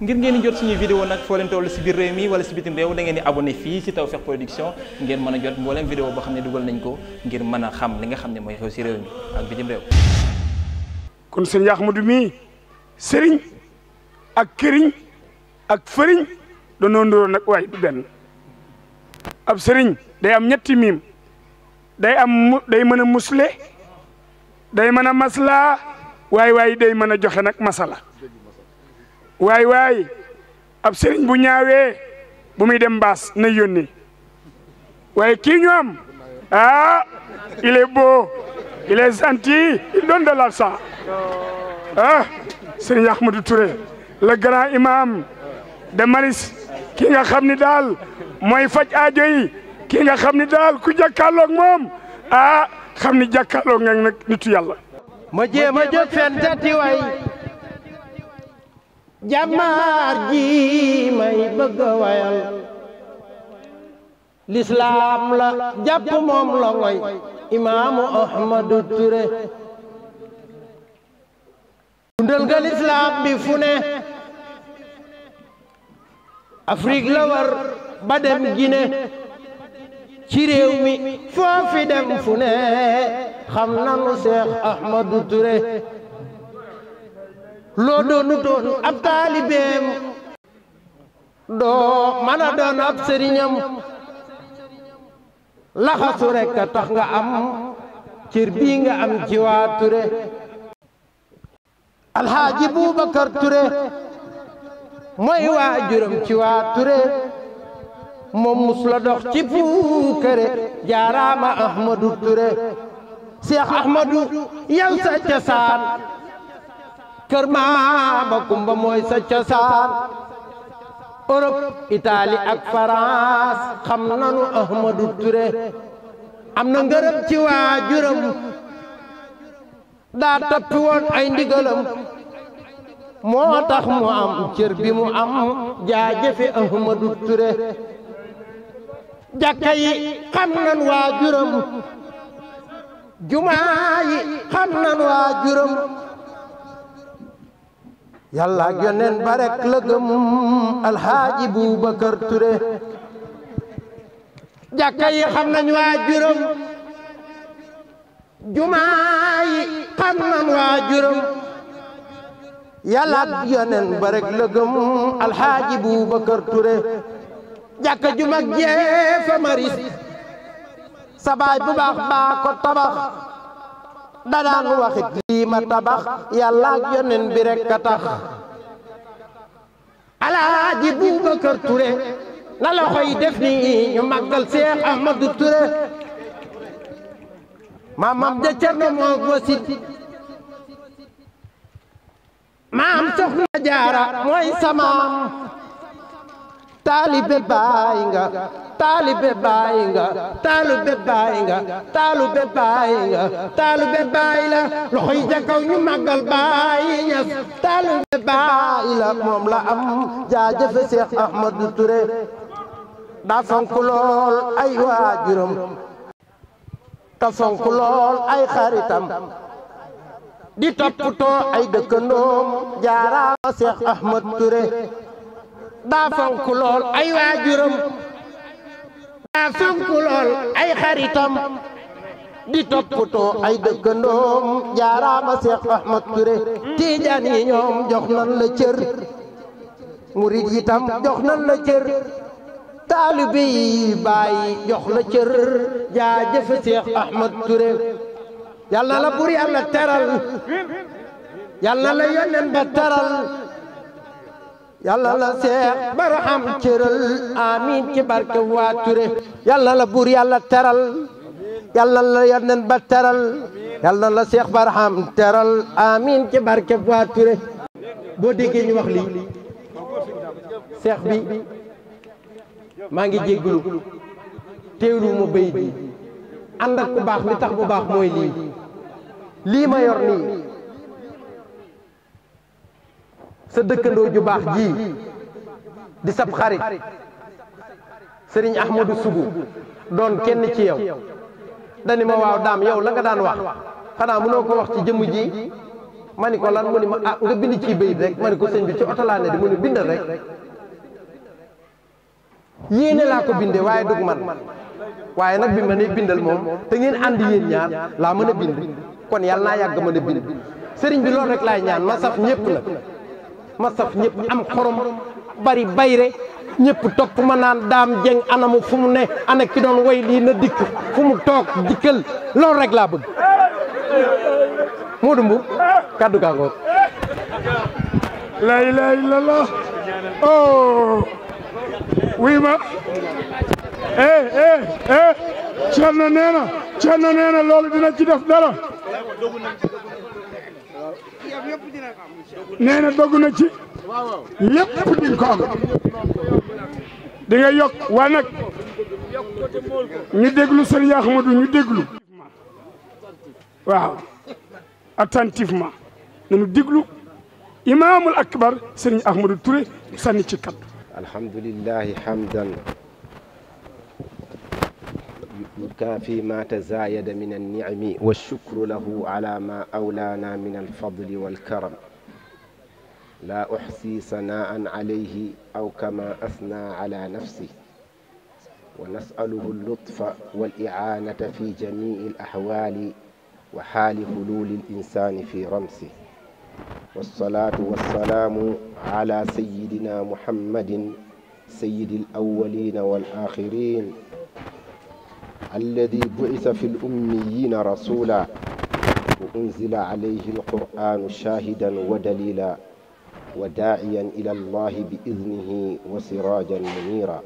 ngir ngeen di jot suñuy vidéo nag foo leen toll si biir réew mi wala si bitim réew da di abonné fii si Tawfekh Production ngeen mën a jot mbooleem vidéo boo xam ne dugal nañ ko ngir mën a xam li nga xam ne mooy xew si réew mi ak bitim réew kon mii sëriñ ak këriñ ak fëriñ danoo ndóor nag waaye du benn ab sëriñ day am ñetti miim day am day mën a musle day mën a maslaa waaye waaye day mën a joxe nag masala waay waay ab sëriñ bu ñaawee bu muy dem baas na yónni waaye kii ñu am ah il est beau il est gentil il donne de l'argent ah sëriñ Ahmadou Touré le grand ki nga xam ni daal mooy faj aajo yi ki nga xam ni daal ku jàkkaarloog moom ah xam ni jàkkaarloog nga nag nitu yàlla ma jéem a jóg jamaar ji may bëgg a wayal lislaam la jàpp moom la imaamu ahmadu ture dundal nga lislaam bi fu ne afrique la war ba dem gine ci réew mi foofi dem fu ne xam nanu seex ahmadu ture loo doonu toon ab taalibeem doo mën a doon ab sëriñam laxasu rekk a tax nga am cër bii nga am ci waa Touré alxaaji Boubacar Touré mooy waa juróom ci waa Touré moom mus la dox ci puukare jaaraama Ahmadou Touré Cheikh Ahmadou yow sa kër maam ba kumba mooy sa cosaan Europe Italie ak France xam nanu Ahmadou Touré am na ngërëm ci waajuram daa toppi woon ay ndigalam moo tax mu am cër bi mu am jaajëfe Ahmadou Touré jàkka yi xam nan waajuram jumaa xam nan waajuram yàlla ak yoneen ba rek la gëm alxaaji Boubacar Touré yi xam nañ waa juróom jumaa xam nañ waa juróom yàlla ak yoneen ba rek la gëm alxaaji Boubacar Touré jàkka ju mag jee fa maris sabaay bu baax ko tabax danaan waxit lii ma tabax yàlla yonen bi rekk alaaji Boubacar Touré na loxo yi def ni ñu màggal Cheikh Ahmadou Touré maamam ja Cerno moo gosit maam soxna jaara mooy samaam taalibe baay nga taalibe baay nga taalibe baay nga taalibe baay nga taalibe baay loxo yi ca kaw ñu màggal baay taalibe baay moom la am jaajëfe Cheikh Ahmadou Touré daa fonk lool ay waajuram te fonk lool ay xaritam di toppatoo ay dëkkandoom jaaraama Cheikh Ahmad Touré daa fonk lool ay waajuram daa fonk lool ay xaritam di toppatoo ay dëkkandoom jaaraama Seex Ahmad Touré tiijaan yi ñoom jox nan la cër murid yi tam nan la cër taalibe yi bàyyi jox la cër jaajëf Seex Ahmad Touré yal na la am yàlla teral yal na la yónneen ba teral yàlla la seex baraxam cëral amin ci barke waa Ture yàlla la buur yàlla teral yàlla la yonent ba teral yàlla la seex baraxam teral amin ci barke waa boo déggee ñu wax lii seex bi maa ngi jéggulu teewlu ma béy bi ànd ku baax li tax bu baax mooy lii lii ma yor nii sa dëkkandoo ju baax jii di sab xarit sëriñ ahmadu sugu doon kenn ci yow dani ma waaw daam yow la nga daan wax xanaa mënoo ko wax ci jëmm ji ma ni ko lan mu ni ma ah nga bind ci bayit rek ma ni ko sëñ bi ci oto di mu ni bindal rek yéene laa ko binde waaye dug man waaye nag bi ma ne bindal moom te ngeen ànd yéen ñaar laa mën a bind kon yàlla naa yàgg mën a bind sëriñ bi loolu rek laay ñaan ma saf ñépp la ma saf ñëpp am xorom bari bayre ñëpp topp ma naan daam jeng anamu fu mu ne ana ki doon way lii na dikk fu mu toog dikkal loolu rek laa bëgg Modou Mbour kaddu gaa ngoog la ilaha oh. wuy ma eh eh eh Thierno loolu dina ci def dara nee na dogg na ci lépp di ko am di nga yokk waaye nag ñu déglu sëriñ Ahmadou ñu déglu waaw attentivement nañu déglu imaamul akbar sëriñ Ahmadou Touré sànni ci kaddu alhamdulillahi hamdan kaafi ma tazaayada min alnicmi walshukru lahu ala ma awlaana min alfadli walkaram laa uxsi sanaan calayhi aw kama asnaa ala nafsi wa nasaluhu allutfa walicaanata fi jamici alaxwaali wa xaali hululi alinsaani fi ramsi walsalaatu walsalaamu ala sayidina muhammadin sayidi alawalina walaxirin alladi buisa fi lummiyina rasula wa unzila alayhi alquranu shahidan wa dalila wa daaciyan ila allahi biidnihi wa sirajan munira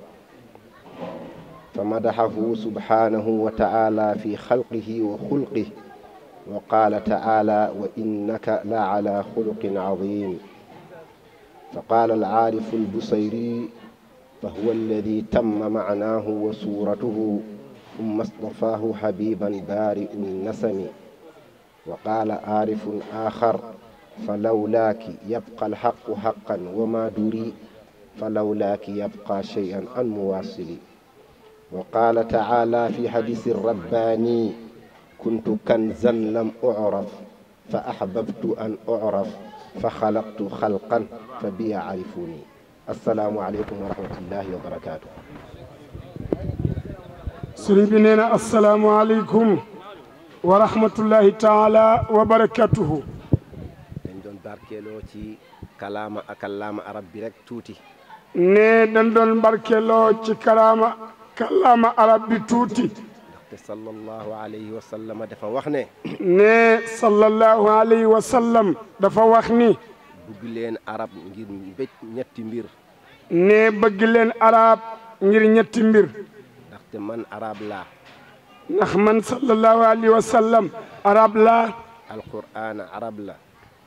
فمدحه سبحانه وتعالى في خلقه وخلقه وقال تعالى وإنك لعلى خلق عظيم فقال العارف البصيري فهو الذي تم معناه وصورته ثم اصطفاه حبيبا بارئ النسم وقال عارف آخر فلولاك يبقى الحق حقا وما دري فلولاك يبقى شيئا عن مواصلي وقال تعالى في حديث الرباني كنت كنزا لم أعرف فأحببت أن أعرف فخلقت خلقا فبي يعرفوني السلام عليكم ورحمة الله وبركاته sëriñ bi nee na asalaamualeykum wa rahmatullahi taala wa barakatuhu dañ doon barkeeloo ci kalaama ak kalaama arab bi rek tuuti ne dañ doon barkeeloo ci kalaama kalaama arab bi tuuti te sallallahu alayhi wa sallam dafa wax ne. ne sallallahu alayhi wa sallam dafa wax ni. bëgg leen arab ngir ñetti mbir. ne arab ngir ñetti mbir. man arab laa ndax man sallallahu alayhi wa sallam arab laa alquran arab la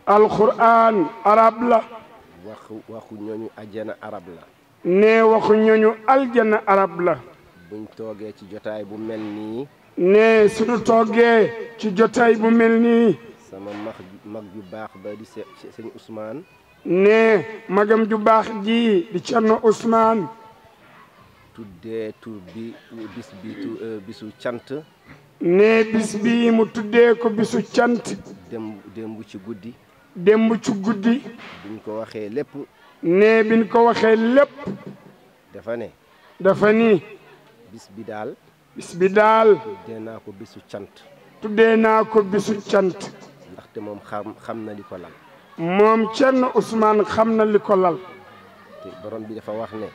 alquran la waxu waxu ñooñu ajjana arab la ne waxu ñooñu aljana arab la buñ toogee ci jotaay bu mel nii ne suñu toogee ci jotaay bu mel nii sama mag mag baax ba di sëñ Ousmane ne magam ju baax ji di Cerno Ousmane tuddee tur bi bis bi euh, bisu cant. ne bis bi mu tuddee ko bisu cant. démb démb ci guddi. démb ci guddi. biñ ko waxee lépp. ne biñ ko waxee lépp. dafa ne. dafa ni. bis bi daal. bis bi daal. tuddee naa ko bisu cant. tuddee naa ko bisu cant. ndaxte moom xam xam na li ko lal. moom Thierno Ousmane xam na li ko lal. te borom bi dafa wax ne.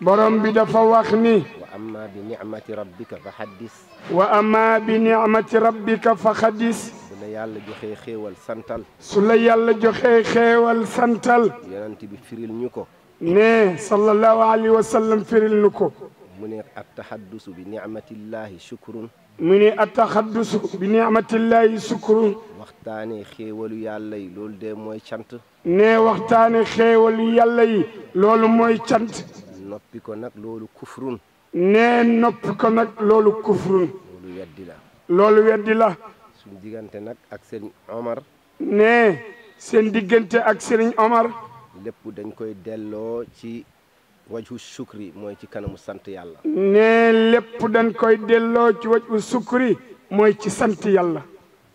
borom bi dafa wax ni wa amma bi nicmati rabbika fa xaddis wa amma bi nicmati rabbika fa xaddis su la yàlla joxee xéewal santal su la yàlla joxee xéewal santal yonent bi firil ñu ko ne sallallahu alayhi wa sallam firil ñu ko mu ne attaxaddusu bi nicmatillahi shukrun mu ne attaxaddusu bi nicmatillahi shukrun waxtaane xéewalu yàlla lool loolu de mooy cant ne waxtaane xéewalu yàlla yi loolu mooy cant noppi ko nag loolu kufrun nee noppi ko nag loolu kufrun loolu weddi la loolu weddi la suñ diggante nag ak sëriñ Omar nee seen diggante ak sëriñ Omar lépp dañ koy delloo ci waju sukri mooy ci kanamu sant yàlla nee lépp dañ koy delloo ci waju sukri mooy ci sant yàlla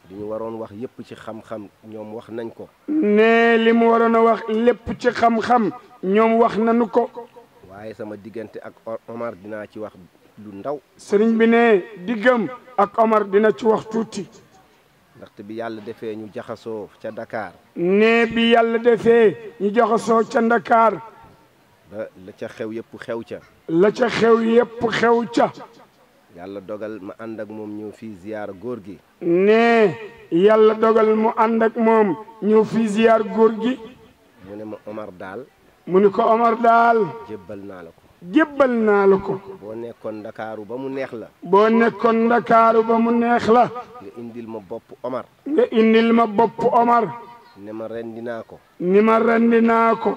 li ñu waroon wax yépp ci xam-xam ñoom wax nañ ko nee li mu waroon a wax lépp ci xam-xam ñoom wax nañu ko waaye sama diggante ak Omar dinaa ci wax lu ndaw. sëriñ bi ne diggam ak Omar dina ci wax tuuti. ndaxte bi yàlla defee ñu jaxasoo ca ndakaar ne bi yàlla defee ñu jaxasoo ca Dakar. ba la ca xew yëpp xew ca. la ca xew yépp xew ca. yàlla dogal ma ànd ak moom ñëw fii ziyaar góor gi. ne yàlla dogal mu ànd ak moom ñëw fii ziyaar góor gi. mu ne ma Omar daal. mu ni ko Omar daal jëbbal naa la ko jébbal naa la ko boo nekkoon ndakaaru ba mu neex la boo nekkoon ndakaaru ba mu neex la nga indil ma bopp Omar nga indil ma bopp Omar ne ma rendi naa ko ni ma rendi naa ko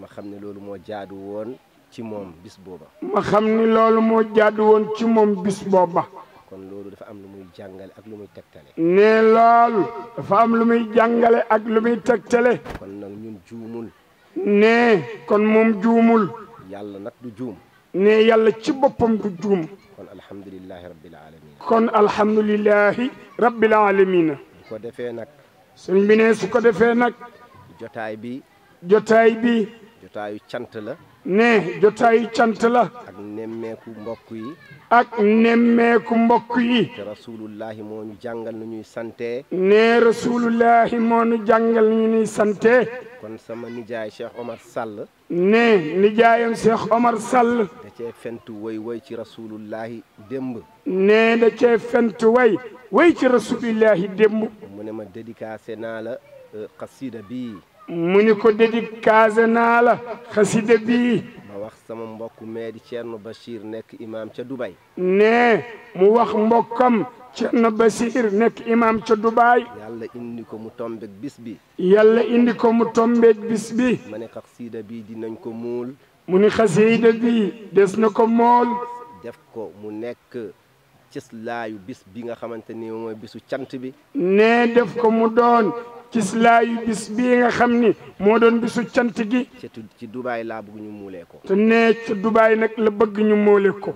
ma xam ne loolu moo jaadu woon ci moom bis booba ma xam ni loolu moo jaadu woon ci moom bis booba kon loolu dafa am lu muy jàngale ak lu muy tegtale ne loolu dafa am lu muy jàngale ak lu muy tegtale kon nag ñun juumul ne kon moom juumul yàlla nag du juum ne yàlla ci boppam du juum kon alhamdulilahi rabbil alamin kon alhamdulilahi rabbil alamin su ko defee nag sëñ bi ne su defee nag jotaay bi jotaay bi jotaayu cant la ne jotaay cant la. ak nemmeeku mbokk yi. ak nemmeeku mbokk yi. te rasulullahi moo ñu jàngal nu ñuy sante. ne rasulullahi moo ñu jàngal nu ñuy sante. kon sama nijaay Cheikh Omar Sall. ne nijaayam Cheikh Omar Sall. da cee fentu way way ci rasulullahi démb. ne da cee fentu way way ci rasulullahi démb. mu ne ma dédicacé naa la xasida euh, bi mu ni ko dédicacé naa la xasida bii ma wax sama mbokk meedi Thierno Bachir nekk imam ca Dubai ne mu wax mbokkam Thierno Bachir nekk imam ca Dubai yàlla indi ko mu tombeek bis bi yàlla indi ko mu tombeek bis bi ma ne xasida bii dinañ ko muul mu ni xasida bii des na ko mool def ko mu nekk cëslaayu bis bi nga xamante ni mooy bisu cant bi ne def ko mu doon kislaayu bis bii nga xam ni moo doon bisu cant gi. ci Dubaay laa bëgg ñu muulee ko. te nee ci Dubaay nag la bëgg ñu muule ko.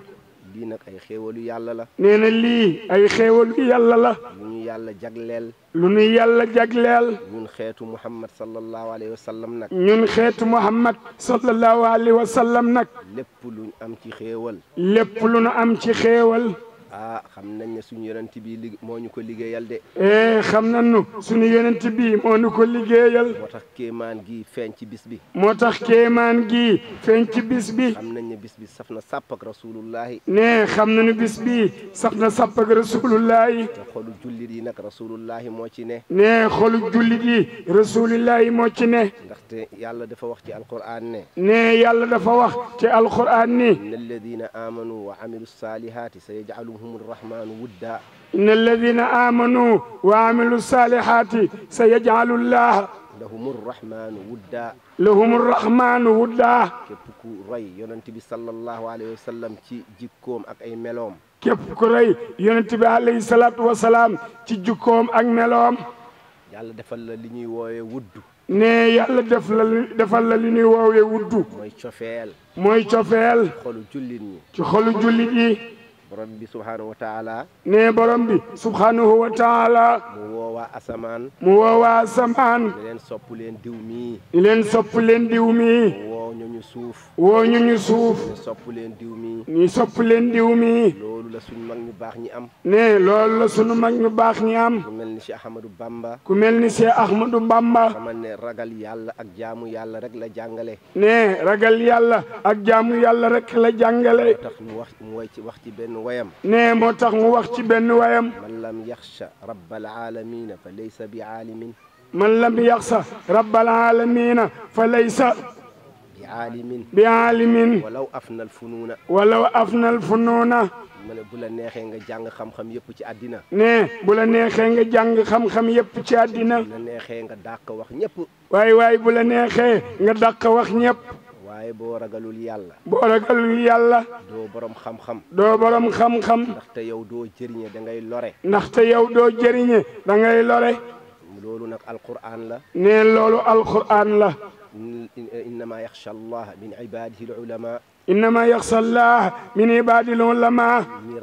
lii nag ay xéewalu yàlla la. nee na lii ay xéewalu yàlla la. lu ñu yàlla jagleel. lu ñu yàlla jagleel. ñun xeetu Muhammad sallallahu alayhi wa sallam nag. ñun xeetu Muhammad sallallahu alayhi wa sallam nag. lépp lu ñu am ci xéewal. lépp lu ñu am ci xéewal. ah xam nañ ne suñu yonent bi li moo ñu ko liggéeyal de. eh xam nañu suñu yonent bi moo ñu ko liggéeyal. moo tax kéemaan gi feeñ ci bis bi. moo tax kéemaan gi feeñ ci bis bi. xam nañ ne bis bi saf na sàpp ak rasulullahi. ne xam nañu bis bi saf na sàpp ak rasulullahi. te xolu jullit yi nag rasulullahi moo ci ne. ne xolu jullit yi rasulullahi moo ci ne. ndaxte yàlla dafa wax ci alquran ne. ne yàlla dafa wax ci alquran ni. inna alladina amanu wa amilu saalihaati sayaj'alu يلههم الرحمن ودا إن الذين آمنوا وعملوا الصالحات سيجعل الله لهم الرحمن ودا لهم الرحمن ودا képp ku roy yonent bi sallallahu alayhi wa sallam ci jikkoom ak ay meloom képp ku roy yonent bi alayhi salaatu wa salaam ci jikkoom ak meloom yàlla defal la li ñuy woowee wuddu ne yàlla def la defal la li ñuy woowe wuddu mooy cofeel mooy cofeel ci xolu jullit ñi ci xolu jullit yi borom bi subhaanahu wa taala ne borom bi subhaanahu wa taala mu woowaa asamaan mu woowaa asamaan ne leen sopp leen diw mii ne leen sopp leen diw mii woo ñu ñu suuf woo ñu ñu suuf ne sopp leen diw mii ni sopp leen diw mii loolu la suñu mag ñu baax ñi am ne loolu la suñu mag ñu baax ñi am ku mel ni Cheikh Ahmadou Bamba ku mel ni Cheikh Ahmadou Bamba xamal ne ragal yàlla ak jaamu yàlla rek la jàngale ne ragal yàlla ak jaamu yàlla rek la jàngale tax mu wax mu way ci wax ci benn wayam ne moo tax mu wax ci benn wayam man lam yaxsha rabbal aalamiina fa laysa bi aalimin man lam yaxsha rabbal aalamiina fa laysa bi aalimin bi aalimin walaw afna alfunuuna walaw afna alfunuuna mu ne bu la neexee nga jàng xam-xam yëpp ci àddina ne bu la neexee nga jàng xam-xam yëpp ci àddina bu neexee nga dàq wax ñëpp waay waay bu neexee nga dàq wax ñëpp waaye boo ragalul yàlla. boo ragalul yàlla. doo borom xam-xam. doo borom xam-xam. ndaxte yaw doo jëriñe dangay ngay lore. ndaxte yaw doo jëriñe da ngay lore. loolu nag alqur'aan la. nee loolu alqur'aan la. innama yaxsha allah min ibadihi al ulama. innama yaxsha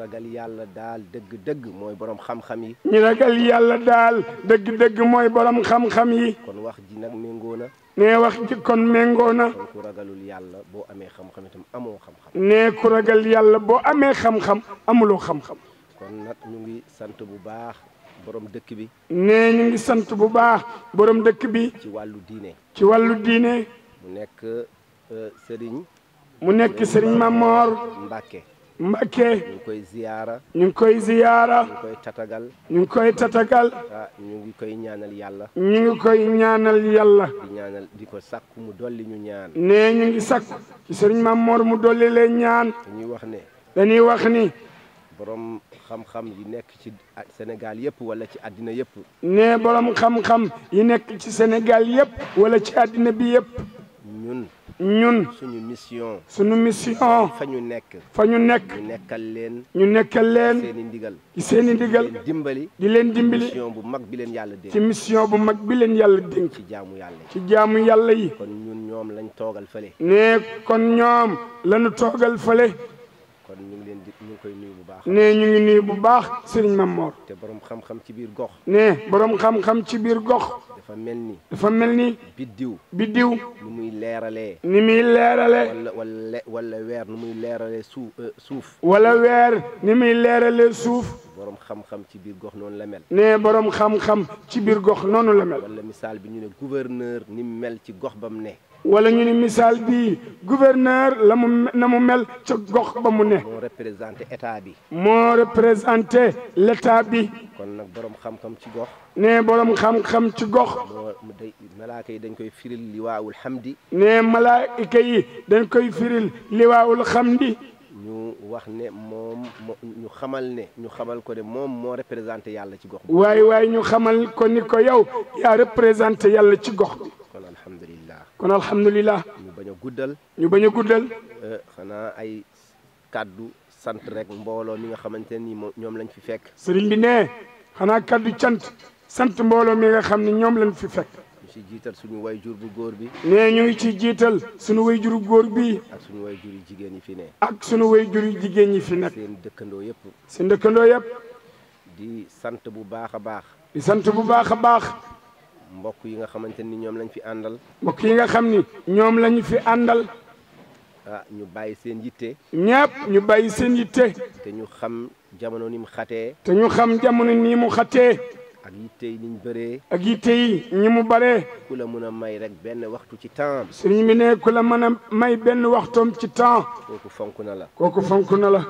ragal yàlla daal dëgg-dëgg mooy borom xam-xam yi. ñi ragal yàlla daal dëgg-dëgg mooy borom xam-xam yi. kon wax ji nag méngoo na. nee wax ji kon méngoo na. ku ragalul yàlla boo amee xam-xam amoo xam-xam. nee ku ragal yàlla boo amee xam-xam amuloo xam-xam. kon nag ñu ngi sant bu baax borom dëkk bi. nee ñu ngi sant bu baax borom dëkk bi. ci wàllu diine. ci wàllu diine. mu nekk euh, sëriñ. mu nekk sëriñ Mamor. Mbacke. Mbakke ñu koy ziyaara ñu ngi koy ziyaara ñu ngi koy tatagal ñu ngi koy tatagal ah, ñu ngi koy ñaanal yàlla ñu ngi koy ñaanal yàlla di di ko sakku mu dolli ñu ñaan nee ñu ngi sakku ci sëriñ Mamor mu dolli leen ñaan dañuy wax ne dañuy wax ni borom xam-xam yi nekk ci Sénégal yëpp wala ci àddina yëpp nee borom xam-xam yi nekk ci senegal yëpp wala ci àddina bi yëpp ñun ñun suñu mission. suñu mission. fa ñu nekk. fa ñu nekk. ñu nekkal leen. ñu nekkal leen. seen i seen i ndigal. di leen dimbali. di leen dimbali. mission bu mag bi leen yàlla dénk. ci mission bu mag bi leen yàlla dénk. ci jaamu yàlla ci jaamu yàlla yi. kon ñun ñoom lañ toogal fële. ne kon ñoom lañu toogal fële. kon ñu leen di nee ñu ngi nuyu bu baax sëriñ Mamor. te boroom xam-xam ci biir gox. nee boroom xam-xam ci biir gox. dafa mel ni. dafa mel ni. biddiw. biddiw. nu muy leeralee. ni muy leeralee. wala wala wala weer nu muy leeralee suuf suuf. wala weer ni muy leeralee euh, suuf. borom xam-xam ci biir gox noonu la mel. nee borom xam-xam ci biir gox noonu la mel. wala misaal bi ñu ne gouverneur ni mu mel ci gox ba mu ne. wala ñu ne misaal bii gouverneur la mu na mu mel ca gox ba mu ne. moo représenté état bi. moo représenté l' bi. kon nag borom xam-xam ci gox. nee borom xam-xam ci gox. moo day yi dañ koy firil liwaawul xamdi. nee malaaka yi dañ koy firil liwaawul xamdi. ñu wax ne moom ñu xamal ne ñu xamal ko ne moom moo représenté yàlla ci gox bi. waaye waaye ñu xamal ko ni ko yow yaa représenté yàlla ci gox bi. kon alhamdulilah. ñu bañ a guddal. ñu bañ a guddal. Euh, xanaa ay kaddu sant rek mbooloo mi nga xamante ni ñoom lañ fi fekk. sëriñ bi nee xanaa kaddu cant sant mbooloo mi nga xam ne ñoom lañ fi fekk. ñu ci jiital suñu way jur bu góor bi. nee ñu ngi ci jiital suñu way jur bu góor bi. ak suñu way jur yu jigéen yi fi ne. ak suñu way jur yu jigéen yi fi nekk. seen dëkkandoo yëpp. seen dëkkandoo yëpp. di sant bu baax a baax. di sant bu baax a baax. mbokk yi nga xamante ni ñoom lañu fi àndal. mbokk yi nga xam ni ñoom lañu fi àndal. ah ñu bàyyi seen yitte. ñëpp ñu bàyyi seen yitte. te ñu xam jamono ni mu xatee. te ñu xam jamono ni mu xatee. ak yitte yi ni ñu ak yitte yi ñi mu bare ku la mën a may rek benn waxtu ci temps. sëriñ bi ne ku la mën a may benn waxtoom ci temps. kooku fonk na la. kooku fonk na la.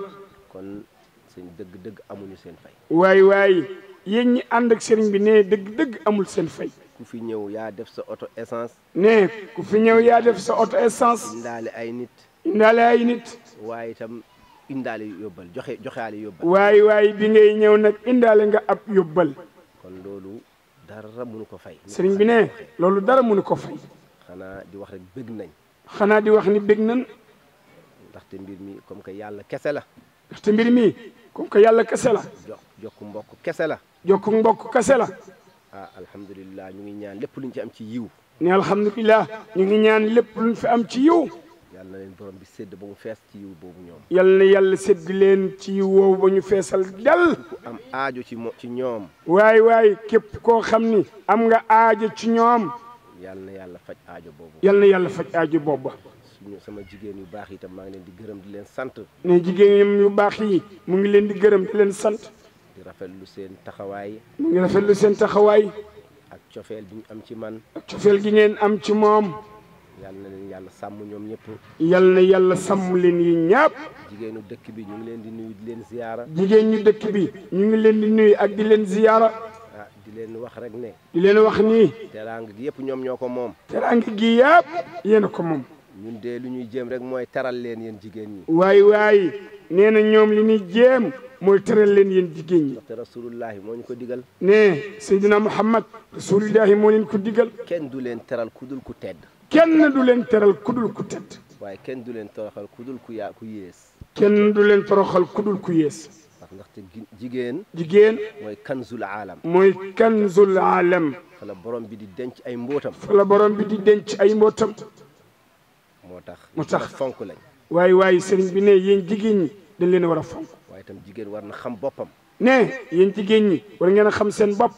kon seen dëgg-dëgg amuñu seen fay. waay waay yéen ñi ànd ak sëriñ bi ne dëgg-dëgg amul seen fay. ku fi ñëw yaa def sa oto essence. ne ku fi ñëw yaa def sa oto essence. indaale ay nit. indaale ay nit. waaye itam indaale yóbbal joxe joxe joxeaale yóbbal. waaye waaye bi ngay ñëw nag indaale nga ab yóbbal. kon loolu dara mënu ko fay. sëriñ bi ne loolu dara mënu ko fay. xanaa di wax rek bëgg nañ. xanaa di wax ni bëgg nañ. ndaxte mbir mi comme que yàlla kese la. ndaxte mbir mi comme que yàlla kese la. jokk jokk mbokk kese la. jokk mbokk kese la. ah alhamdulilah ñu ngi ñaan lépp luñ ci am ci yiw ne alhamdulilah ñu ngi ñaan lépp luñ fi am ci yiw yàlla na leen borom bi sédd ba mu fees ci yiw boobu ñoom yal na yàlla sédd leen ci yiw woowu ba ñu feesal dal ku am aajo ci mo ci ñoom waaye waay képp koo xam ni am nga aajo ci ñoom yal na yàlla faj aajo boobu yal na yàlla faj aajo boobu suñu sama jigéen yu baax yi tam maa ngi leen di gërëm di leen sant ne jigéen yu baax yi mu ngi leen di gërëm di leen sant di rafetlu seen taxawaay. mu ngi rafetlu seen taxawaay. ak cofeel bi ñu am ci man. ak cofeel gi ngeen am ci moom. yal na leen yàlla sàmm ñoom ñëpp. yal na yàlla sàmm leen yi ñàpp. jigéenu dëkk bi ñu ngi leen di nuyu di leen ziyaara. jigéen ñu dëkk bi ñu ngi leen di nuyu ak di leen ziyaara. ah di leen wax rek ne. di leen wax ni teraang gi yëpp ñoom ñoo ko moom. teraang gi yëpp yéen a ko moom. ñun de lu ñuy jéem rek mooy taral leen yéen jigéen ñi. waay waay nee na ñoom li ñuy jéem mooy tëral leen yéen jigéen ñi ndaxte rasulullahi moo ñu ko digal ne Seydina Muhammad rasulullahi moo leen ko digal kenn du leen teral ku dul ku tedd kenn du leen teral ku dul ku tedd waaye kenn du leen toroxal ku dul ku yaa ku yées kenn du leen toroxal ku dul ku yées ndax ndaxte jigéen jigéen mooy kanzul aalam mooy kanzul aalam fa la borom bi di denc ay mbootam fa la bi di denc ay mbootam moo tax moo tax fonk lañ waaye waaye sëriñ bi ne yéen jigéen ñi dañ leen war a fonk. waaye itam jigéen war na xam boppam. ne yéen jigéen ñi war ngeen a xam seen bopp.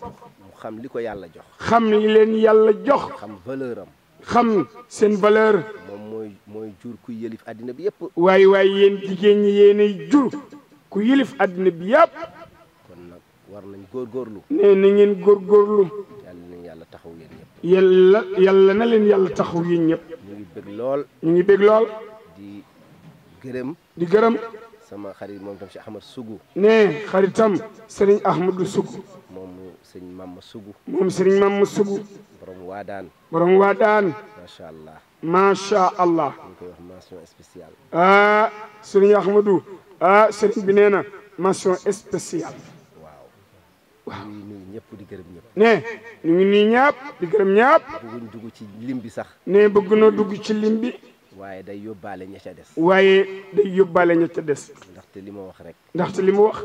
xam li ko yàlla jox. xam li leen yàlla jox. xam valeur xam seen valeur. moom mooy mooy jur ku yëlif àddina bi yëpp. waaye waaye yéen jigéen ñi yéenay jur ku yëlif àddina bi yëpp. kon nag war nañ góorgóorlu. nee na ngeen góorgóorlu. yàlla na yàlla taxaw yéen ñëpp. yàlla yàlla na leen yàlla taxaw yéen ñëpp. ñu ngi bëgg gërëm di gërëm sama xarit moom tam si Ahmad Sugu ne xaritam Serigne Ahmadu Sugu moom Serigne Mama Sugu moom Serigne Mama Sugu borom waadaan borom waadaan macha allah macha allah ñu koy wax mention spéciale ah Serigne Ahmadu ah Serigne bi nee na mention spéciale waaw waaw ñu ngi nuyu di gërëm ñëpp ne ñu ngi nuyu di gërëm ñaap bëgguñ dugg ci lim bi sax ne bëgg noo dugg ci lim waaye day yóbbaale ña ca des. waaye day yóbbaale ña ca des. ndaxte li ma wax rek. ndaxte li ma wax.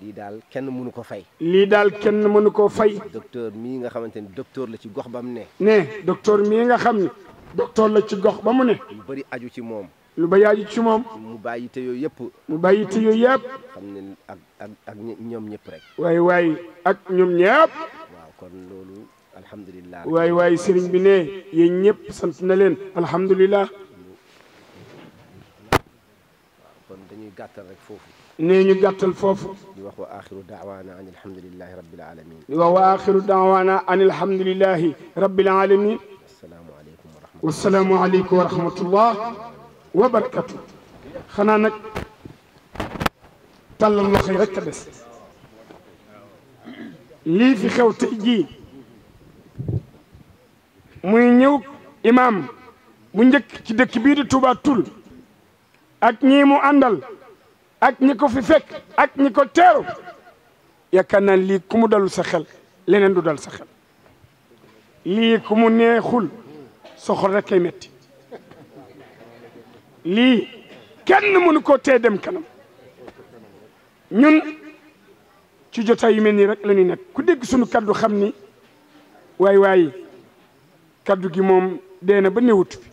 lii daal kenn mënu ko fay. lii daal kenn mënu ko fay. docteur mii nga xamante ni docteur la ci gox ba mu ne. ne docteur mii nga xam ne. docteur la ci gox ba mu ne. lu bëri aju ci moom. lu bëri aju ci moom. mu bàyyi te yooyu yëpp. mu bàyyi te yooyu yëpp. xam ne ak ak ak ñoom ñëpp rek. waaye waaye ak ñoom ñëpp. waaw kon loolu alhamdulilah. waaye waaye sëriñ bi ne na leen gàttal rek foofu nee ñu gàttal foofu di wax wa axiru daawaana an alhamdulilahi rabbil alamin di wax wa axiru daawaana an alhamdulilahi rabbil alamin asalaamaaleykum wa rahmatullah wasalaamualeykum wa rahmatullah wa barakatu xanaa nag tàllal loxo yi rek a des lii fi xew tey jii muy ñëw imaam bu njëkk ci dëkk bii di Touba Toul ak ñii mu àndal ak ñi ko fi fekk ak ñi ko teeru yaakaar naa lii ku mu dalul sa xel leneen du dal sa xel lii ku mu neexul soxor rek kay metti lii kenn mënu koo tee dem kanam ñun ci jotaay yu mel nii rek la ñuy nekk ku dégg suñu kaddu xam ni waay waay kaddu gi moom dee na ba néewut bi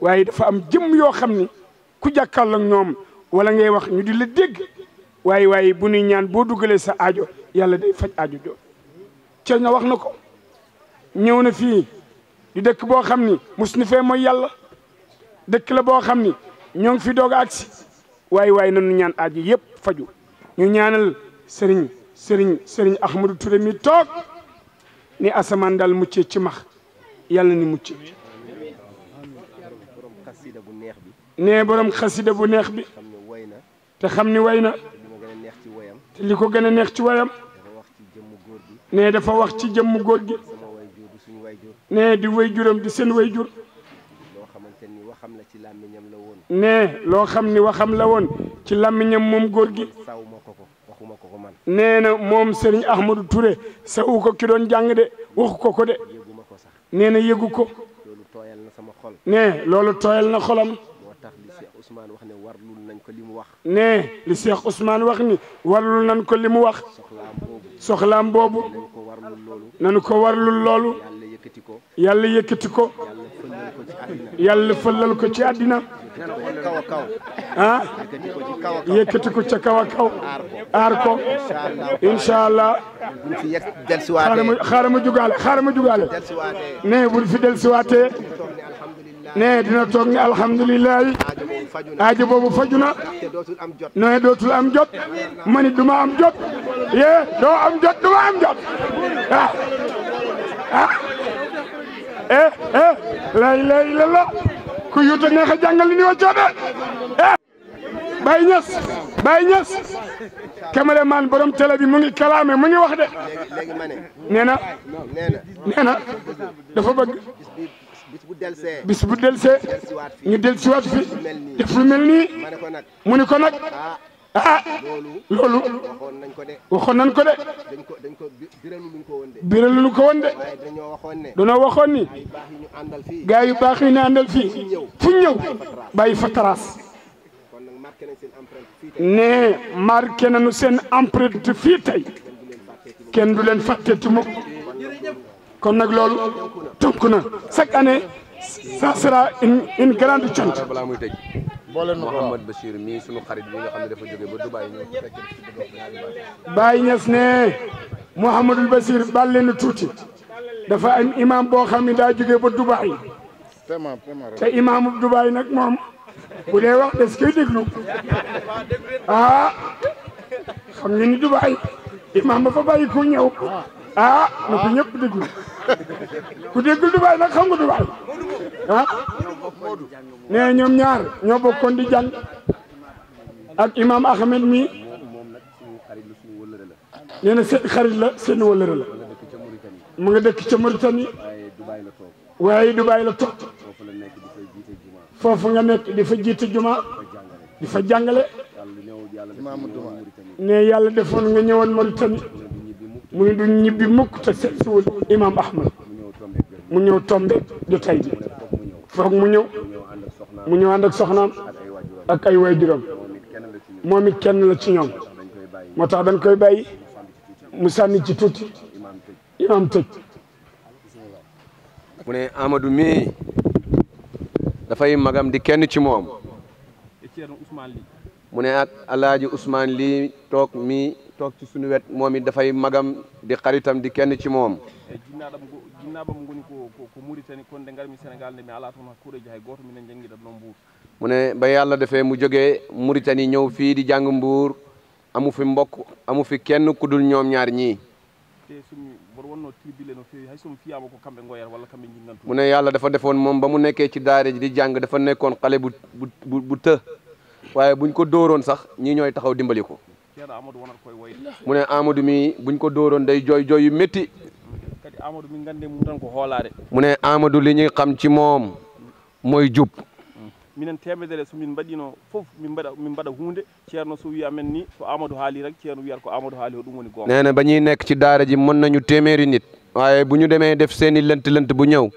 waaye dafa am jëm yoo xam ni ku jàkkaarloo ak ñoom wala ngay wax ñu di la dégg waaye waaye bu nuy ñaan boo duggalee sa aajo yàlla de faj aajo joo cel na wax na ko ñëw na fii di dëkk boo xam ni mus ni fee mooy yàlla dëkk la boo xam ni ñoo ngi fi doog a agsi waaye waaye nanu ñaan aajo yëpp faju ñu ñaanal sëriñ sëriñ sëriñ Ahmadou Touré mi toog ni asamaan daal muccee ci max yàlla ni muccee xasida bu neex bi. nee borom xasida bu neex bi. xam ne way na. te xam ni way na. te li ko gën a neex ci wayam. te li ko gën a neex ci wayam. wax ci jëmm góor gi. nee dafa wax ci jëmm góor gi. nee di way juram di seen way jur. loo xamante ni waxam la ci làmmiñam la woon. nee loo xam ni waxam la woon ci làmmiñam moom góor gi. saw ma ko ko waxuma ko ko man. nee na moom Serigne Ahmadou Touré sawu ko ki doon jàng de waxu ko ko de. nee na yëgu ko. xol. ne loolu tooyal na xolam. moo tax li wax ne warlul nañ ko li mu wax. ne li Cheikh Ousmane wax ni warlul nañ ko li mu wax. soxlaam boobu. soxlaam boobu. nañu ko warlul loolu. nañu ko warlul loolu. yàlla yëkkati ko. yàlla yëkkati ko. yàlla fëlal ko ci addina ah yëkkati ko ca kaw a kaw aar ko incha allah xaaral ma jugaale xaaral ma jugaale ne buñ fi dellusiwaatee nee dina toog ne alhamdulilah aajo boobu faju na nee dootul am jot mani duma am jot yee doo am jot duma am jot ah ah eh eh lay ku yuuta neex a jàngal li ni waccoo de eh Baye Niass Baye borom télé bi mu ngi kalaame mu ngi wax de nee na nee na bis bu delsee ñu del siwaat fi def lu mel nii mu ni ko nag ah, ah loolu waxoon nañ ko de waxoon nañ ko de dañ ko dañ ko biraluñu ko woon de biraluñu ko woon dañoo waxoon ne dañoo waxoon ni gaa yu baax yi ñu àndal fii fu ñëw bàyyi fa trace ne marqué nañu seen empreinte fii tey kenn du leen fàtteeti mukk kon nag loolu tënk na chaque année ça sera une une grande chante. balaa muy tëj Mouhamad Bachir mii sunu xarit bi nga xam ne dafa jóge ba Dubaay ñëw fekk Baye Niass ne Mouhamadul Bachir bàl leen tuuti dafa am imam boo xam ne daa jóge ba Dubaay te imaamu Dubaay nag moom bu dee wax des koy déglu ah xam ngeen ni Dubaay imaam ba fa bàyyi ko ñëw ah na ko ñëpp déglu ku déggul Dubaay nag xam nga Dubaay ah nee ñoom ñaar ñoo bokkoon di jàng ak imam Ahmed mi nee na seen xarit la seen wëllëre la mu nga dëkk ca Mauritanie waaye Dubaay la toog foofu nga nekk di fa jiite juma di fa jàngale ne yàlla defoon nga ñëwoon Mauritanie mu ne du ñibbi mukk te seet si wul imaam mu ñëw tombe jotaay bi foog mu ñëw mu ñëw ànd ak soxnaam ak ay waajuram moom it kenn la ci ñoom moo tax dañ koy bàyyi mu sànni ci tuuti imaam tëj mu ne Amadou mii dafay magam di kenn ci moom mu ne ak alaaji Ousmane lii toog mii toog ci suñu wet moom it dafay magam di xaritam di kenn ci moom jinnaɗam jinnaɓam goni ko ko mauritani konde garmi sénégal nde mi ala toon hakkuɗeji hay goto minen jangguiɗat noon mbuur mu ne ba yàlla defee mu jógee mauritanie ñëw fii di jàng mbuur amu fi mbokk amu fi kenn ku dul ñoom ñaar ñii te somi boto wonno tribile no feewi ko kamɓe goyata walla kamɓe mu ne yàlla dafa defoon moom ba mu nekkee ci daara di jàng dafa nekkoon xale bu bu bu të waaye buñ ko dóoroon sax ñi ñooy taxaw dimbali ko mu ne Amadou mi buñ ko dóoroon day jooy jooy yu métti mu ne Amadou li ñuy xam ci moom mooy jub mm. minen temedere somin mbaɗino fof min mbaɗa min mbaɗa hunde ceerno so wiya men ni ko amadou haali rek ceerno wiyata ko amadou haali o ɗum woni gonga nee ba ñuy nekk ci daara ji mën nañu téeméeri nit waaye bu ñu demee def seeni lënt lënt bu ñëw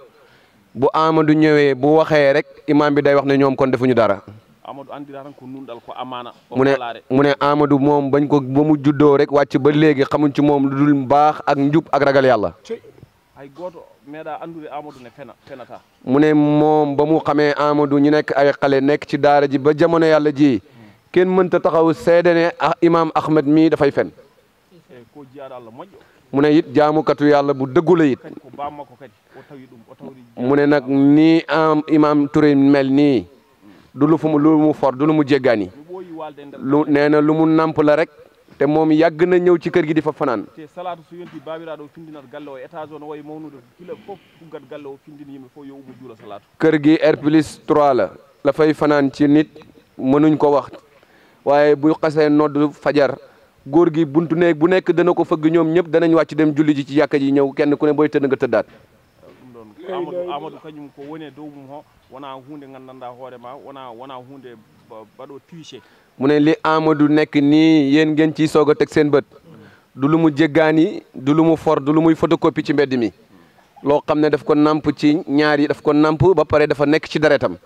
bu amadou ñëwee bu waxee rek imaam bi day wax ne ñoom kon defuñu dara mu ne mu ne Amadou moom bañ ko ba mu juddoo rek wàcc ba léegi xamuñ ci moom lu dul mbaax ak njub ak ragal yàlla mu ne moom ba mu xamee Amadou ñi nekk ay xale nekk ci daara ji ba jamono yàlla ji kenn mën ta taxaw seede ne ah, imaam Ahmed mii dafay fen eh, mu ne it jaamukatu yàlla bu dëggu la it mu ne nag nii am imaam mel nii du lu fu mu lu mu for du lu mu jéggaani lu nee na lu mu nàmp la rek te moom yàgg na ñëw ci kër gi di fa fanaan kër gi R plus 3 la la fay fanaan ci nit mënuñ ko wax waaye bu xasee nodd fajar góor gi buntu néeg bu nekk dana ko fëgg ñoom ñëpp danañ wàcc dem julli ji ci yàkka ji ñëw kenn ku ne booy tëdd nga tëddaat wona hunde ganddanɗa hoorema wona wona hunde baɗo triché mu ne lii Amadou nekk nii yéen ngeen ciy soog a teg seen bët du lu mu jéggaani du lu mu for du lu muy photocopie ci mbedd mi loo xam ne def ko namp ci ñaari def daf ko namp ba pare dafa nekk ci deretam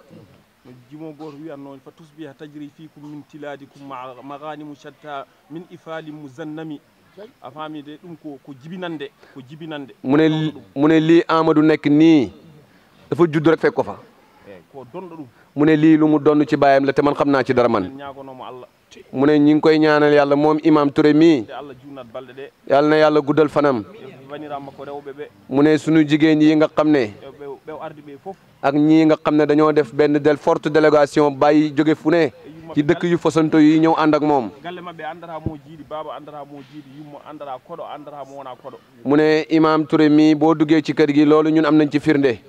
jimo goto wiyatno fa tusbiha tajri fikum min tiladikum maganimu shatta min ifali muzannami a faami de ɗum ko jibinande ko jibinande mu ne ne lii Amadou nekk nii dafa judd rek fekk mu ne lii lu mu donn ci baayam la te man xam naa ci dara man mu ne ñi ngi koy ñaanal yàlla moom imaam Touré mii yàlla na yàlla guddal fanam mu ne suñu jigéen yi nga xam ne ak ñii nga xam ne dañoo def benn del forte délégation bàyyi jóge fu ne ci dëkk yu fasanto yi ñëw ànd ak moom mu ne imam Touré mii boo duggee ci kër gi loolu ñun am nañ ci firnde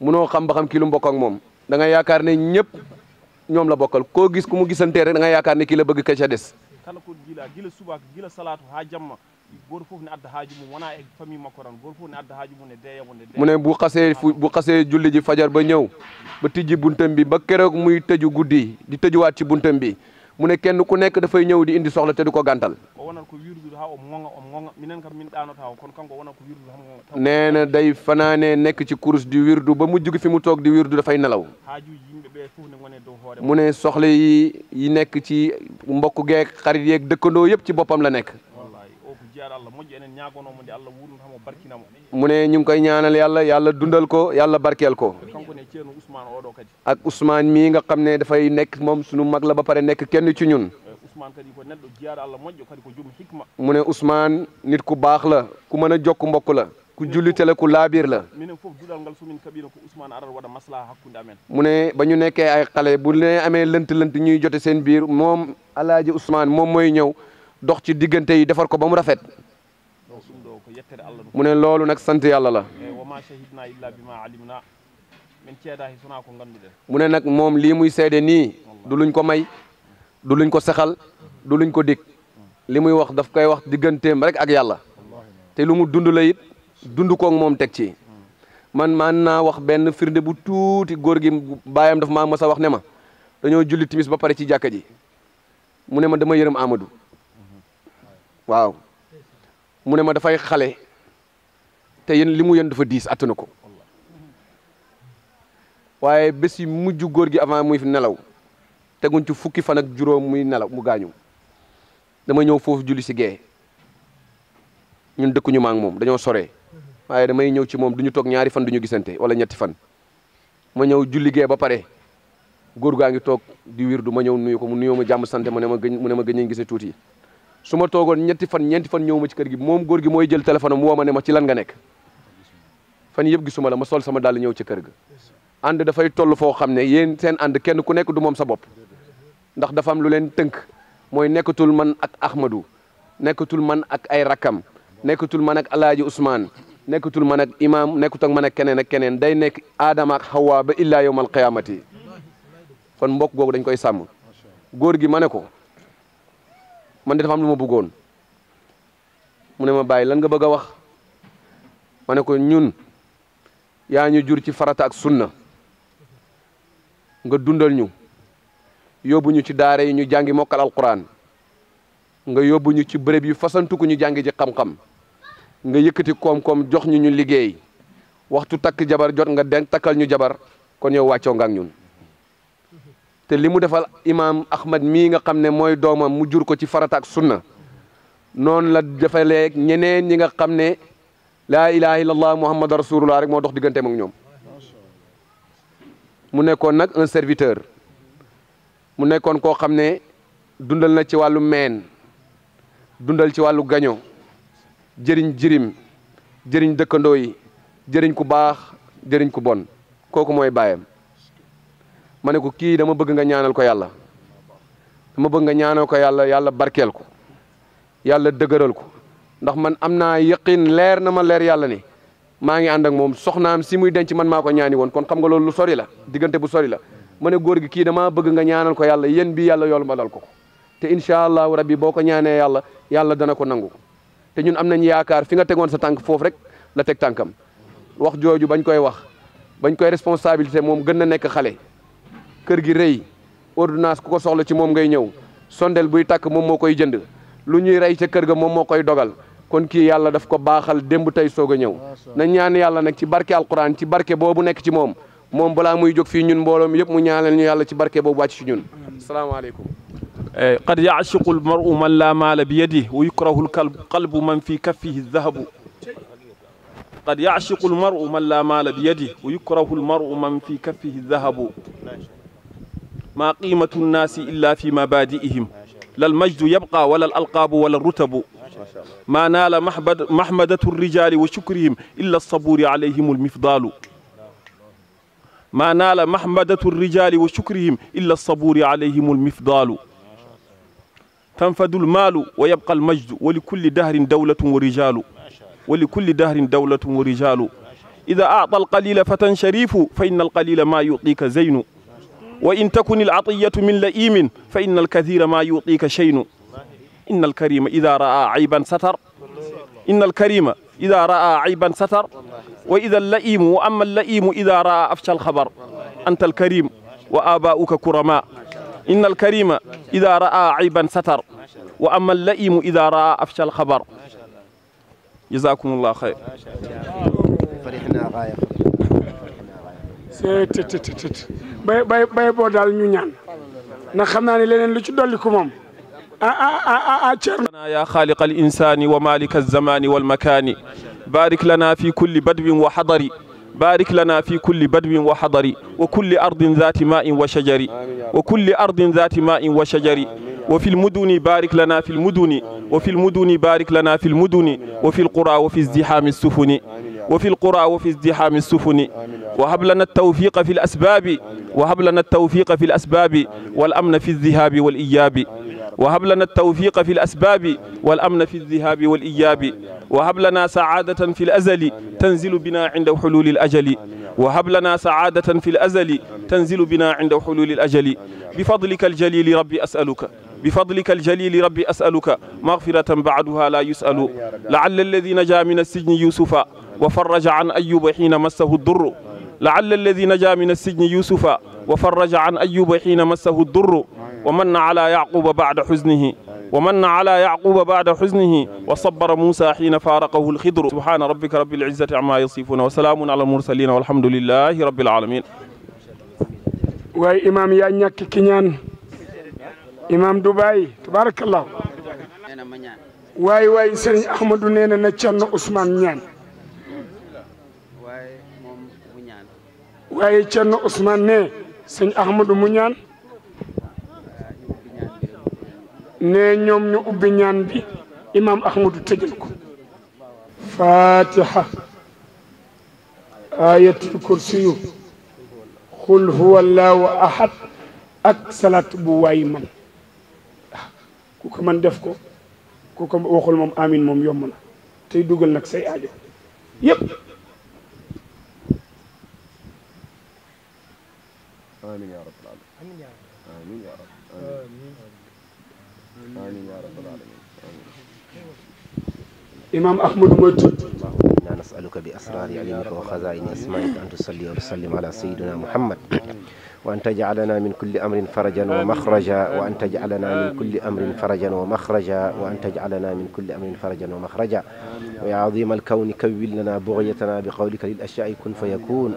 munoo xam ba xam kii mbokk ak moom da nga yaakaar ne ñëpp ñoom la bokkal koo gis ku mu gisantee rek danga yaakaar ne kii la bëgg ka ca des kala ko gila gila subak gila salatu ha foof ne adda haaju mum wona e famille makko tan goto foof ne adda ne deeyamo ne mu ne bu xasee bu xasee julli ji fajar ba ñëw ba tijji buntam bi ba keroog muy tëju guddi di tëjuwaat ci buntam bi mu ne kenn ku nekk dafay ñëw di indi soxla te du ko gàntal nee na day fanaane nekk ci kurus di du ba mu jug fi mu toog di wiir du dafay nelaw mu ne soxla yi yi nekk ci mbokk geek xarit yeeg dëkkandoo yëpp ci boppam la nekk mu ne ñu ngi koy ñaanal yàlla yàlla dundal ko yàlla barkeel ko ak Ousmane mii nga xam ne dafay nekk moom sunu mag la ba pare nekk kenn ci ñun eh, mu ne Ousmane nit ku baax la ku mën a jokk mbokk la ku jullite la ku laabir la mu ne ba ñu nekkee ay xale bu ne amee lënt lënt ñuy jote seen biir moom alaaj Ousmane moom mooy ñëw dox ci diggante yi defar ko ba mu rafet mu ne loolu nag sant yàlla la mu ne nag moom lii muy seede nii du luñ ko may du luñ ko sexal du luñ ko dig li muy wax daf koy wax digganteem rek ak yàlla te lu mu dund la dund koog moom teg ci man man naa wax benn firnde bu tuuti góor gi baayam daf maa mës a wax ne ma dañoo julli timis ba pare ci jàkka ji mu ne ma dama yërëm Amadou waaw mu ne ma dafay xale te yéen li mu yéen dafa diis attanu ko waaye bés yi mujj góor gi avant muy nelaw teguñ ci fukki fan ak juróom muy nelaw mu gaañu dama ñëw foofu julli si gee ñun dëkkuñu ma ak moom dañoo sore waaye damay ñëw ci moom du ñu toog ñaari fan du ñu gisante wala ñetti fan ma ñëw julli gee ba pare góor gaa ngi toog di wir du ma ñëw nuyu ko mu nuyoo ma jàmm sant ne ma mu ne ma gëñ a gisee tuuti. su ma toogoon ñetti fan ñeenti fan ñëw ma ci kër gi moom góor gi moo jël téléphone am woo ma ne ma ci lan nga nekk fan yëpp suma la ma sol sama dàll ñëw ci kër ga ànd dafay toll foo xam ne yéen seen ànd kenn ku nekk du moom sa bopp ndax dafa am lu leen tënk mooy nekkatul man ak Ahmadou nekkatul man ak ay rakkam nekkatul man ak alaaji Ousmane nekkatul man ak imaam nekkatul man ak keneen ak keneen day nekk aadama ak xawaa ba illaa yowmal qiyaamati kon mbokk googu dañ koy sàmm góor gi ma ne ko man de dafa lu ma bëggoon mu ne ma bàyyi lan nga bëgg a wax mane ko ñun yaa ñu jur ci farata ak sunna nga dundal ñu yóbbu ñu ci daare yi ñu jàngi mokkal alquran nga yóbbu ñu ci bërëb yi fasantuku ñu jàngi ci nga yëkkati koom-koom jox ñu ñu liggéey waxtu takk jabar jot nga den takkal ñu jabar kon yow wàccoo nga ak ñun te li mu defal imaam Ahmad mii nga xam ne mooy doomam mu jur ko ci farataak sunna noonu la defalee ñeneen ñi nga xam ne laa ilaha illallah muhammad rasulullah rek moo dox diggante ak ñoom mu nekkoon nag un serviteur mu nekkoon koo xam ne dundal na ci wàllu meen dundal ci wàllu gaño jëriñ jirim jëriñ dëkkandoo yi jëriñ ku baax jëriñ ku bon kooku mooy baayam ma ne ko kii dama bëgg nga ñaanal ko yàlla dama bëgg nga ñaanal ko yàlla yàlla barkeel ko yàlla dëgëral ko ndax man am naa yëqin leer na ma leer yàlla ni maa ngi ànd ak moom soxnaam si muy denc man maa ko ñaani woon kon xam nga loolu lu sori la diggante bu sori la ma ne góor gi kii damaa bëgg nga ñaanal ko yàlla yéen bi yàlla yool ma dal ko ko te incha allahu rabbi boo ko ñaanee yàlla yàlla dana ko nangu te ñun am nañ yaakaar fi nga tegoon sa tànk foofu rek la teg tànkam wax jooju bañ koy wax bañ koy responsabilité moom gën na nekk xale kër gi rey ordonnance ku ko soxla ci moom ngay ñëw sondel buy takk moom moo koy jënd lu ñuy rey ca kër ga moom moo koy dogal kon kii yàlla def ko baaxal démb tey soog a ñëw na ñaan yàlla nag ci barke alquran ci barke boobu nekk ci moom moom balaa muy jóg fii ñun mbooloom yëpp mu ñaanal ñu yàlla ci barke boobu wàcc ci ñun asalaamaaleykum eh, qad yaashiqu lmaru man laa maala bi yadi wa yukrahu lqalbu man fi kaffihi dahabu qad yaashiqu lmaru man laa maala bi yadi wa yukrahu lmaru man fi kaffihi dahabu maa qiimatu nnaasi illa fi mabadi'ihim lal majdu yabqa wala al alqaabu wala rutabu maa naala mahmadatu rrijali wa shukrihim illa alsabuuri alayhim almifdaalu maa naala mahmadatu rrijali wa shukrihim illa alsabuuri alayhim almifdaalu tanfadu almaalu wa yabqa almajdu wa likulli dahrin dawlatun wa rijalu wa likulli dahrin dawlatun wa rijalu ida aata alqalila fatan sharifu fa inna alqalila maa yuqika zeynu wa in takun il atiyatu min la imin fa inna alkathira ma yutika shaynu inna alkarima ida raa ayban satar inna alkarima ida raa ayban satar wa ida allaimu wa amma allaimu ida raa afsha alxabar anta alkarim wa aba'uka kurama inna alkarima ida raa ayban satar wa amma allaimu ida raa afsha alxabar jazakum allah xayr farihna gaaya te te te bay bay bay boo daal ñu ñaan ndax xam naa ne leneen lu ci dolli ko moom ah, ah, ah, a a ya xaaliqa al insani wa malika alzamani walmakani barik lana fi kulli badwin wa hadari barik lana fi kulli badwin wa hadari wa kulli ardin zati ma'in wa shajari wa kulli ardin zati ma'in wa shajari وفي المدن بارك لنا في المدن وفي المدن بارك لنا في المدن وفي القرى وفي ازدحام السفن wa fi lqura wa fi izdihaami sufuni wa hab lana tawfiqa fi lasbaabi wa hab lana tawfiqa fi lasbaabi wal amna fi zihaabi wal iyaabi wa hab lana tawfiqa fi lasbaabi wal amna fi zihaabi wal iyaabi wa hab lana sacaadatan fi lazali tanzilu bina cinda xuluuli lajali wa hab lana sacaadatan fi lazali tanzilu bina cinda xuluuli lajali bifadlika aljalili rabbi asaluka بفضلك الجليل ربي أسألك مغفرة بعدها لا يسأل لعل الذي نجا من السجن يوسف وفرج عن أيوب حين مسه الضر لعل الذي نجا من السجن يوسف وفرج عن أيوب حين مسه الضر ومن على يعقوب بعد حزنه ومن على يعقوب بعد حزنه وصبر موسى حين فارقه الخضر سبحان ربك رب العزة عما يصفون وسلام على المرسلين والحمد لله رب العالمين واي امام يا نياك كي imaam du bàyyi waaye waaye sëriñ Ahmadou nee na na Cerno Ousmane ñaan waaye Cerno Ousmane ne sëñ Ahmadou mu ñaan ne ñoom ñu ubbi ñaan bi imaam Ahmadou tëjal ko fatiha ayatul kursiyu xul huwa allahu ak salaat bu waay man ku ko man def ko ku ko waxul moom amin moom yomb na tey dugal nag say aajo yëpp amin ya rabbal alamin amin ya rabbal alamin amin ya rabbal alamin imaam ahmad mooy tudd na nasaluka bi asraari ilmika wa xazaini asmaika an tusalli wa tusallim ala sayidina muhammad wa an tajcalana min kulli amrin farajan wa maxraja wa an tajcalana min kulli amrin farajan wa maxraja wa an tajcalana min kulli amrin farajan wa maxraja wa ya azima alkawni kawwil lana bugyatana bi qawlika lil ashyaai kun fa yakun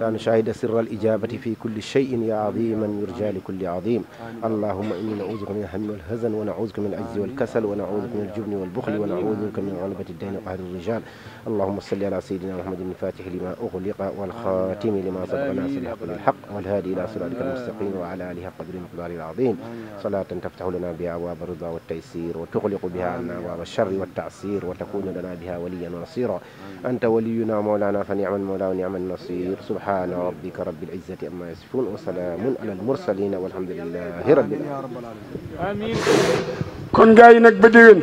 ta nushahida sirra alijabati fi kulli shayin ya aziman yurja li kulli azim allahuma inni nauduka min alhammi walhazan wa nauduka min alajzi walkasal wa nauduka min aljubni walbuxli wa nauduka min galabati ddayni wa qahri rijal allahuma salli ala sayidina muhammadin alfatixi lima uxliqa walxatimi lima sabaqa nasir alhaq bilhaq walhaadi ila صراطك المستقيم وعلى آله قدر مقداره العظيم صلاة تفتح لنا بها أبواب الرضا والتيسير وتغلق بها عنا أبواب الشر والتعسير وتكون لنا بها وليا ونصيرا أنت ولينا مولانا فنعم المولى ونعم النصير سبحان ربك رب العزة أما يصفون وسلام على المرسلين والحمد لله رب العالمين آمين kon gaay yi nag ba déwén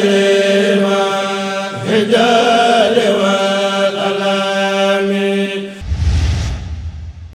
لا